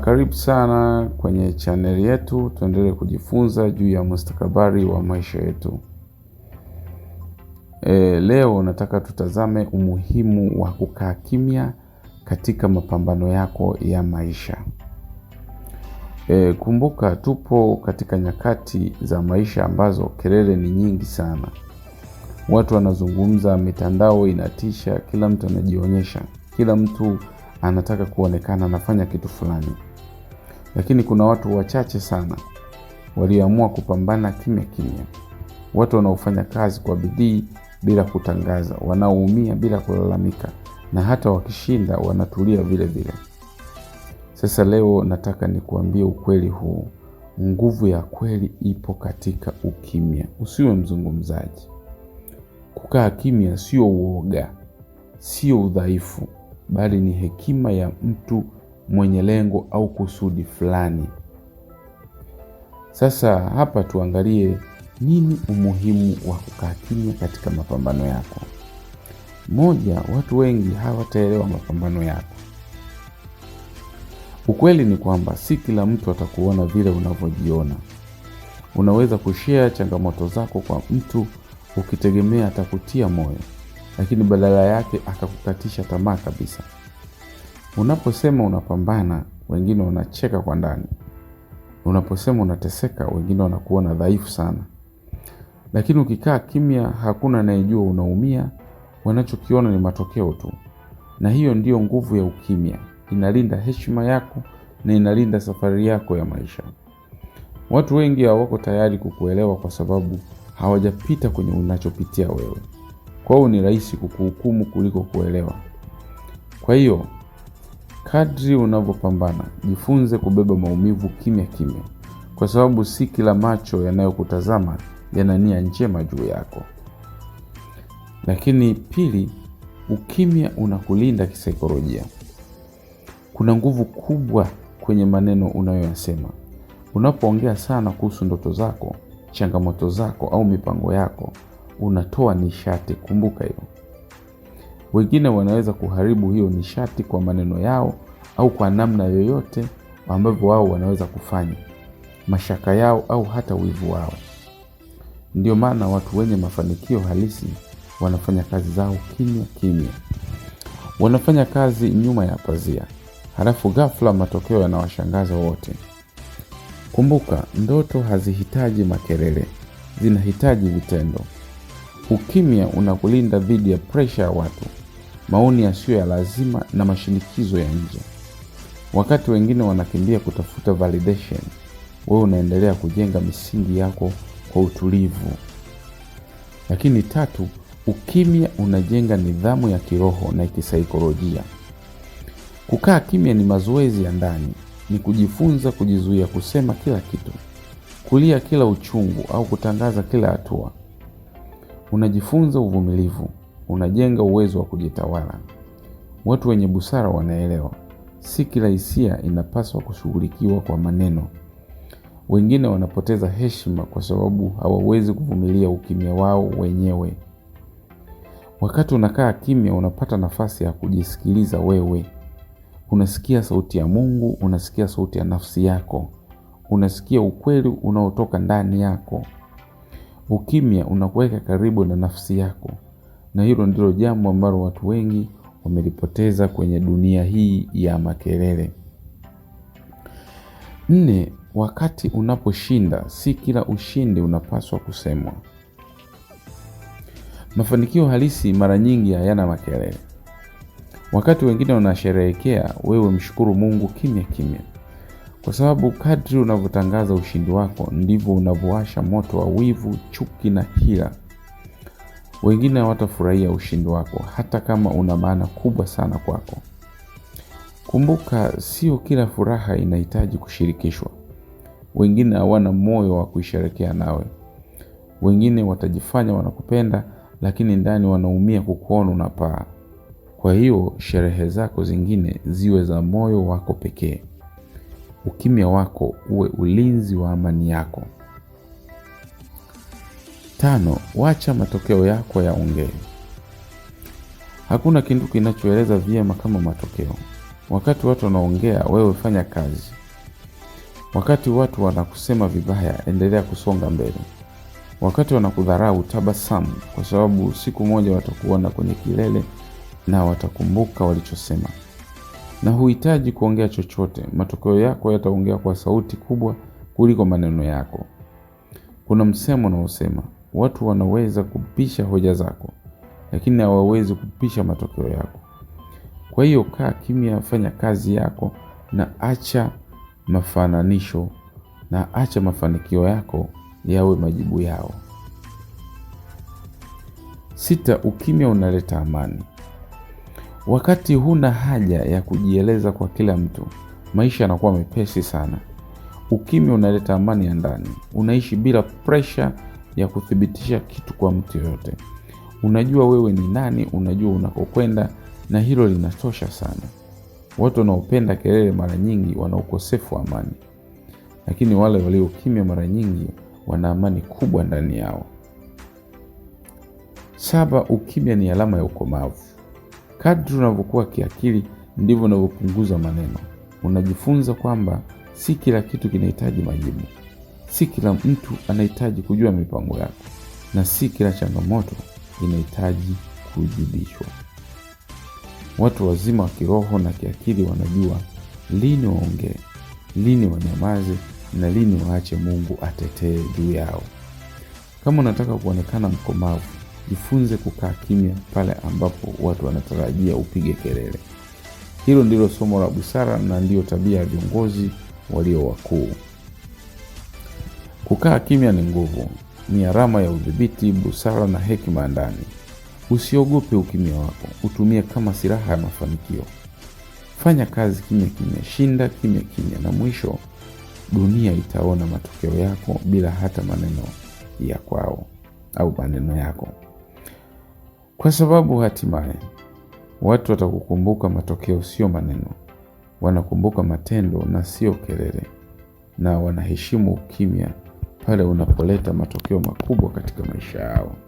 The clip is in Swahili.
Karibu sana kwenye chaneli yetu, tuendelee kujifunza juu ya mustakabali wa maisha yetu. E, leo nataka tutazame umuhimu wa kukaa kimya katika mapambano yako ya maisha. E, kumbuka tupo katika nyakati za maisha ambazo kelele ni nyingi sana. Watu wanazungumza, mitandao inatisha, kila mtu anajionyesha, kila mtu anataka kuonekana anafanya kitu fulani, lakini kuna watu wachache sana walioamua kupambana kimya kimya, watu wanaofanya kazi kwa bidii bila kutangaza, wanaoumia bila kulalamika, na hata wakishinda wanatulia vile vile. Sasa leo nataka nikuambie ukweli huu: nguvu ya kweli ipo katika ukimya. Usiwe mzungumzaji. Kukaa kimya sio uoga, sio udhaifu, bali ni hekima ya mtu mwenye lengo au kusudi fulani. Sasa hapa tuangalie nini umuhimu wa kukaa kimya katika mapambano yako. Moja, watu wengi hawataelewa mapambano yako. Ukweli ni kwamba si kila mtu atakuona vile unavyojiona. Unaweza kushea changamoto zako kwa mtu ukitegemea atakutia moyo lakini badala yake akakukatisha tamaa kabisa. Unaposema unapambana, wengine wanacheka kwa ndani. Unaposema unateseka, wengine wanakuona dhaifu sana. Lakini ukikaa kimya, hakuna anayejua unaumia. Wanachokiona ni matokeo tu, na hiyo ndiyo nguvu ya ukimya. Inalinda heshima yako na inalinda safari yako ya maisha. Watu wengi hawako tayari kukuelewa kwa sababu hawajapita kwenye unachopitia wewe. Kwa hiyo ni rahisi kukuhukumu kuliko kuelewa. Kwa hiyo kadri unavyopambana, jifunze kubeba maumivu kimya kimya, kwa sababu si kila macho yanayokutazama yana nia njema juu yako. Lakini pili, ukimya unakulinda kisaikolojia. Kuna nguvu kubwa kwenye maneno unayoyasema. Unapoongea sana kuhusu ndoto zako, changamoto zako au mipango yako, unatoa nishati. Kumbuka hiyo. Wengine wanaweza kuharibu hiyo nishati kwa maneno yao au kwa namna yoyote ambavyo wao wanaweza kufanya, mashaka yao au hata wivu wao. Ndiyo maana watu wenye mafanikio halisi wanafanya kazi zao kimya kimya, wanafanya kazi nyuma ya pazia, halafu ghafla matokeo yanawashangaza wote. Kumbuka, ndoto hazihitaji makelele, zinahitaji vitendo. Ukimya unakulinda dhidi ya presha ya watu, maoni yasiyo ya lazima na mashinikizo ya nje. Wakati wengine wanakimbia kutafuta validation, wewe unaendelea kujenga misingi yako kwa utulivu. Lakini tatu, ukimya unajenga nidhamu ya kiroho na kisaikolojia. Kukaa kimya ni mazoezi ya ndani, ni kujifunza kujizuia kusema kila kitu, kulia kila uchungu au kutangaza kila hatua. Unajifunza uvumilivu, unajenga uwezo wa kujitawala. Watu wenye busara wanaelewa, si kila hisia inapaswa kushughulikiwa kwa maneno. Wengine wanapoteza heshima kwa sababu hawawezi kuvumilia ukimya wao wenyewe. Wakati unakaa kimya, unapata nafasi ya kujisikiliza wewe. Unasikia sauti ya Mungu, unasikia sauti ya nafsi yako, unasikia ukweli unaotoka ndani yako. Ukimya unakuweka karibu na nafsi yako, na hilo ndilo jambo ambalo watu wengi wamelipoteza kwenye dunia hii ya makelele. Nne, wakati unaposhinda, si kila ushindi unapaswa kusemwa. Mafanikio halisi mara nyingi hayana makelele. Wakati wengine wanasherehekea, wewe mshukuru Mungu kimya kimya kwa sababu kadri unavyotangaza ushindi wako ndivyo unavyowasha moto wa wivu, chuki na hila. Wengine hawatafurahia ushindi wako hata kama una maana kubwa sana kwako. Kumbuka, sio kila furaha inahitaji kushirikishwa. Wengine hawana moyo wa kuisherekea nawe. Wengine watajifanya wanakupenda, lakini ndani wanaumia kukuona unapaa. Kwa hiyo sherehe zako zingine ziwe za moyo wako pekee. Ukimya wako uwe ulinzi wa amani yako. Tano, wacha matokeo yako yaongee. Hakuna kitu kinachoeleza vyema kama matokeo. Wakati watu wanaongea, wewe fanya kazi. Wakati watu wanakusema vibaya, endelea kusonga mbele. Wakati wanakudharau, tabasamu, kwa sababu siku moja watakuona kwenye kilele na watakumbuka walichosema na huhitaji kuongea chochote. Matokeo yako yataongea kwa sauti kubwa kuliko maneno yako. Kuna msemo unaosema watu wanaweza kupisha hoja zako, lakini hawawezi kupisha matokeo yako. Kwa hiyo kaa kimya, fanya kazi yako, na acha mafananisho, na acha mafanikio yako yawe majibu yao. Sita, ukimya unaleta amani. Wakati huna haja ya kujieleza kwa kila mtu, maisha yanakuwa mepesi sana. Ukimya unaleta amani ya ndani. Unaishi bila presha ya kuthibitisha kitu kwa mtu yoyote. Unajua wewe ni nani, unajua unakokwenda, na hilo linatosha sana. Watu wanaopenda kelele mara nyingi wana ukosefu wa amani, lakini wale walio kimya mara nyingi wana amani kubwa ndani yao. Saba, ukimya ni alama ya ukomavu. Kadri unavyokuwa kiakili, ndivyo unavyopunguza maneno. Unajifunza kwamba si kila kitu kinahitaji majibu, si kila mtu anahitaji kujua mipango yako, na si kila changamoto inahitaji kujibishwa. Watu wazima wa kiroho na kiakili wanajua lini waongee, lini wanyamaze na lini waache Mungu atetee juu yao. Kama unataka kuonekana mkomavu Jifunze kukaa kimya pale ambapo watu wanatarajia upige kelele. Hilo ndilo somo la busara na ndiyo tabia ya viongozi walio wakuu. Kukaa kimya ni nguvu, ni alama ya udhibiti, busara na hekima ndani. Usiogope ukimya wako, utumie kama silaha ya mafanikio. Fanya kazi kimya kimya, shinda kimya kimya, na mwisho dunia itaona matokeo yako bila hata maneno ya kwao au maneno yako kwa sababu hatimaye watu watakukumbuka matokeo, sio maneno. Wanakumbuka matendo na sio kelele, na wanaheshimu ukimya pale unapoleta matokeo makubwa katika maisha yao.